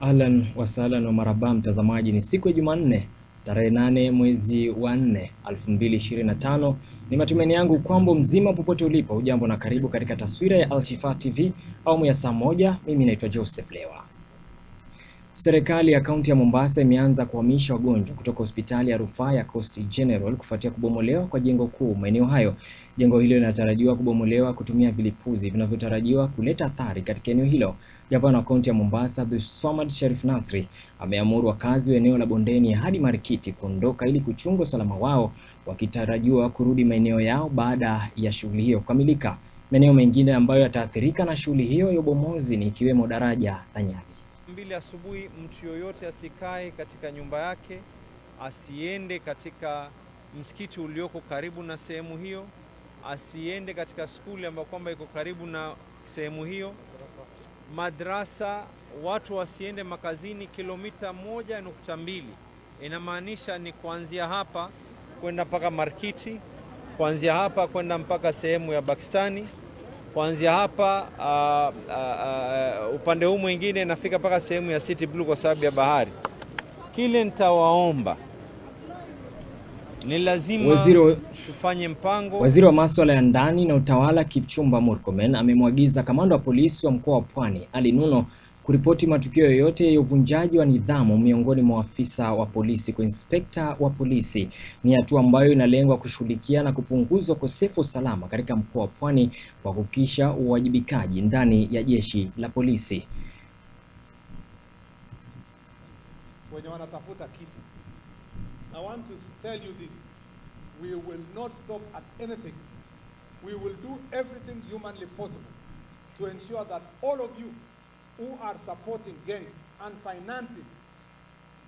alan wasalan wa maraba, mtazamaji, ni siku ya Jumanne tarehe 8 mwezi wa 4 2025. Ni matumaini yangu kwamba mzima popote ulipo, ujambo na karibu katika taswira ya Alshifa TV awamu ya saa moja. Mimi naitwa Joseph Lewa. Serikali ya kaunti ya Mombasa imeanza kuhamisha wagonjwa kutoka hospitali ya rufaa ya Coast General kufuatia kubomolewa kwa jengo kuu maeneo hayo. Jengo hilo linatarajiwa kubomolewa kutumia vilipuzi vinavyotarajiwa kuleta athari katika eneo hilo. Gavana wa kaunti ya Mombasa, Somad Sharif Nasri, ameamuru wakazi wa eneo la Bondeni hadi Marikiti kuondoka ili kuchunga usalama wao, wakitarajiwa kurudi maeneo yao baada ya shughuli hiyo kukamilika. Maeneo mengine ambayo yataathirika na shughuli hiyo ya ubomozi ni ikiwemo daraja la Nyali mbili asubuhi, mtu yoyote asikae katika nyumba yake, asiende katika msikiti ulioko karibu na sehemu hiyo, asiende katika skuli ambayo kwamba iko karibu na sehemu hiyo, madrasa, watu wasiende makazini. Kilomita moja nukta mbili inamaanisha ni kuanzia hapa kwenda mpaka Markiti, kuanzia hapa kwenda mpaka sehemu ya Pakistani kuanzia hapa uh, uh, uh, upande huu mwingine nafika mpaka sehemu ya City Blue kwa sababu ya bahari. Kile nitawaomba ni lazima Waziri... tufanye mpango. Waziri wa masuala ya ndani na utawala Kipchumba Murkomen amemwagiza kamanda wa polisi wa mkoa wa Pwani Ali Nuno kuripoti matukio yoyote ya uvunjaji wa nidhamu miongoni mwa afisa wa polisi kwa inspekta wa polisi ni hatua ambayo inalengwa kushughulikia na kupunguza ukosefu usalama katika mkoa wa Pwani kwa kuhakikisha uwajibikaji ndani ya jeshi la polisi. Wenye wanatafuta kitu. I want to tell you this. We will not stop at anything. We will do everything humanly possible to ensure that all of you who are supporting gangs and financing,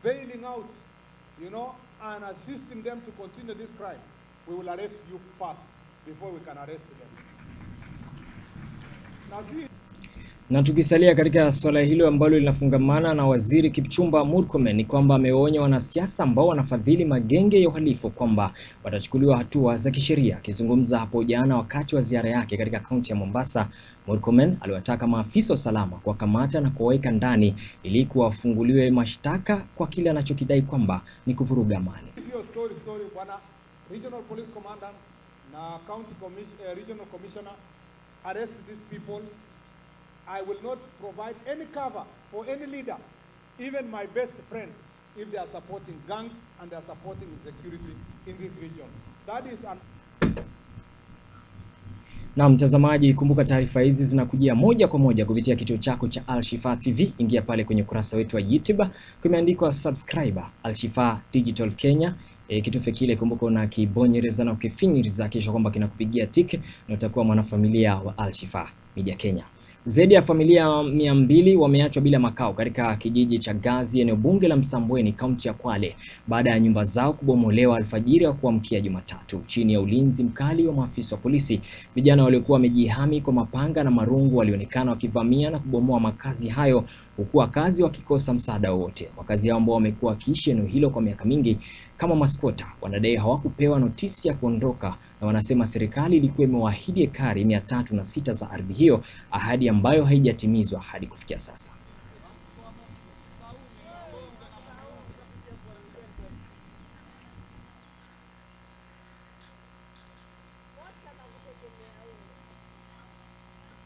bailing out, you know, and assisting them to continue this crime, we will arrest you first before we can arrest them. Now see, Na tukisalia katika suala hilo ambalo linafungamana na Waziri Kipchumba Murkomen, ni kwamba amewaonya wanasiasa ambao wanafadhili magenge ya uhalifu kwamba watachukuliwa hatua za kisheria. Akizungumza hapo jana wakati wa ziara yake katika kaunti ya Mombasa, Murkomen aliwataka maafisa wa usalama kuwakamata na kuwaweka ndani ili kuwafunguliwe mashtaka kwa kile anachokidai kwamba ni kuvuruga amani. Regional police na county eh, commissioner arrest these people I will not provide any cover for any leader, even my best friends, if they are supporting gangs and they are supporting security in this region. That is an... Na mtazamaji, kumbuka taarifa hizi zinakujia moja kwa moja kupitia kituo chako cha Al Shifaa TV. Ingia pale kwenye ukurasa wetu wa YouTube, kumeandikwa subscriber Al Shifaa Digital Kenya. E, kitufe kile kumbuka una unakibonyeza na ukifinyiriza, kisha kwamba kinakupigia tiki na utakuwa mwanafamilia wa Al Shifaa Media Kenya. Zaidi ya familia mia mbili wameachwa bila makao katika kijiji cha Gazi, eneo bunge la Msambweni, kaunti ya Kwale, baada ya nyumba zao kubomolewa alfajiri ya kuamkia Jumatatu. Chini ya ulinzi mkali wa maafisa wa polisi, vijana waliokuwa wamejihami kwa mapanga na marungu walionekana wakivamia na kubomoa makazi hayo, huku wakazi wakikosa msaada wowote. Wakazi hao ambao wamekuwa wakiishi eneo hilo kwa miaka mingi kama maskota, wanadai hawakupewa notisi ya kuondoka na wanasema serikali ilikuwa imewaahidi ekari mia tatu na sita za ardhi hiyo, ahadi ambayo haijatimizwa hadi kufikia sasa.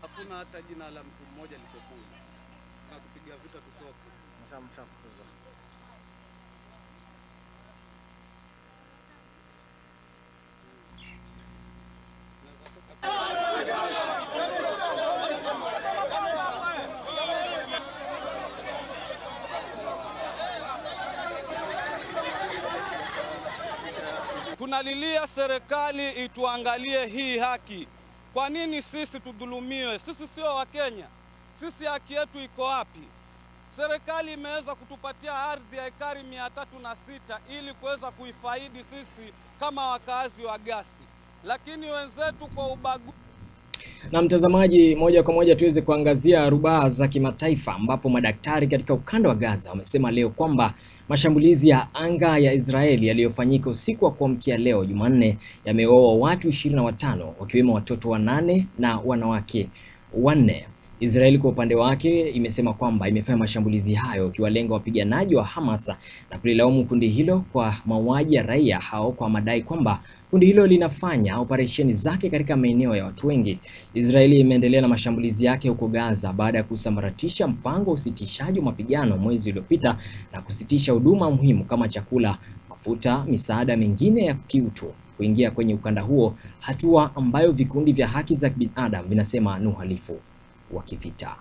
Hakuna hata jina la mtu mmoja na kupiga vita tutoke tunalilia serikali ituangalie hii haki. Kwa nini sisi tudhulumiwe? Sisi sio Wakenya? Sisi haki yetu iko wapi? Serikali imeweza kutupatia ardhi ya ekari mia tatu na sita ili kuweza kuifaidi sisi kama wakaazi wa Gasi, lakini wenzetu kwa ubaguzi na mtazamaji, moja kwa moja tuweze kuangazia rubaa za kimataifa, ambapo madaktari katika ukanda wa Gaza wamesema leo kwamba mashambulizi ya anga ya Israeli yaliyofanyika usiku wa kuamkia leo Jumanne yameua watu 25 wakiwemo watoto wanane na wanawake wanne. Israeli kwa upande wake imesema kwamba imefanya mashambulizi hayo ikiwalenga wapiganaji wa Hamas na kulilaumu kundi hilo kwa mauaji ya raia hao kwa madai kwamba Kundi hilo linafanya operesheni zake katika maeneo ya watu wengi. Israeli imeendelea na mashambulizi yake huko Gaza baada ya kusambaratisha mpango wa usitishaji wa mapigano mwezi uliopita na kusitisha huduma muhimu kama chakula, mafuta, misaada mingine ya kiutu kuingia kwenye ukanda huo, hatua ambayo vikundi vya haki za binadamu vinasema ni uhalifu wa kivita.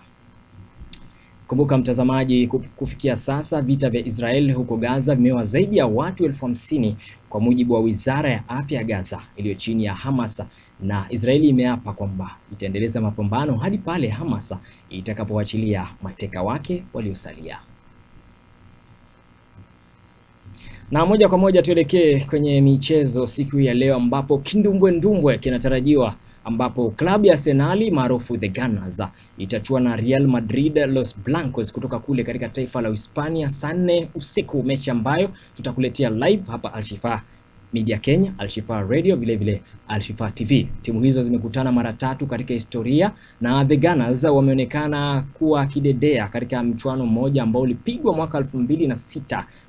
Kumbuka mtazamaji, kufikia sasa vita vya Israel huko Gaza vimeua zaidi ya watu elfu hamsini kwa mujibu wa Wizara ya Afya ya Gaza iliyo chini ya hamas na Israeli imeapa kwamba itaendeleza mapambano hadi pale hamas itakapoachilia mateka wake waliosalia. Na moja kwa moja tuelekee kwenye michezo siku ya leo ambapo kindumbwendumbwe kinatarajiwa ambapo klabu ya senali maarufu the Gunners itachua na Real Madrid Los Blancos kutoka kule katika taifa la Hispania saa nne usiku, mechi ambayo tutakuletea live hapa Alshifa Media Kenya, Alshifa Radio, vile vile Alshifa TV. Timu hizo zimekutana mara tatu katika historia na the Gunners wameonekana kuwa kidedea katika mchuano mmoja ambao ulipigwa mwaka elfu mbili na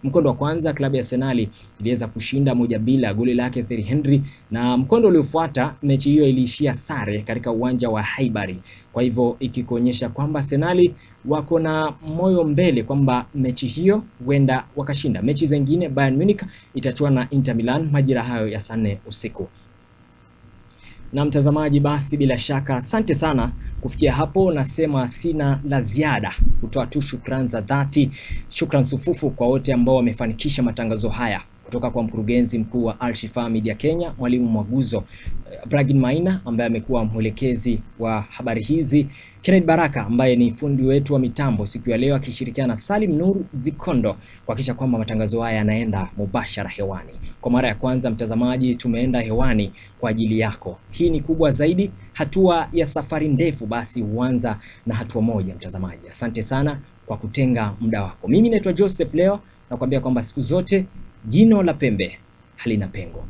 Mkondo wa kwanza klabu ya Arsenal iliweza kushinda moja bila goli lake Thierry Henry, na mkondo uliofuata mechi hiyo iliishia sare katika uwanja wa Haibari. Kwa hivyo ikikuonyesha kwamba Arsenal wako na moyo mbele kwamba mechi hiyo huenda wakashinda. Mechi zingine Bayern Munich itachua na Inter Milan majira hayo ya saa nne usiku. Na mtazamaji, basi bila shaka asante sana kufikia hapo, nasema sina la ziada, kutoa tu shukrani za dhati, shukrani sufufu kwa wote ambao wamefanikisha matangazo haya kutoka kwa mkurugenzi mkuu wa Alshifa Media Kenya, Mwalimu Mwaguzo, Bragin Maina ambaye amekuwa mwelekezi wa habari hizi, Kenneth Baraka ambaye ni fundi wetu wa mitambo siku ya leo, akishirikiana na Salim Nur Zikondo kuhakikisha kwamba matangazo haya yanaenda mubashara hewani. Kwa mara ya kwanza, mtazamaji, tumeenda hewani kwa ajili yako. Hii ni kubwa zaidi. Hatua ya safari ndefu basi huanza na hatua moja, mtazamaji. Asante sana kwa kutenga muda wako. Mimi naitwa Joseph leo, nakwambia kwamba siku zote jino la pembe halina pengo.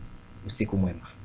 Usiku mwema.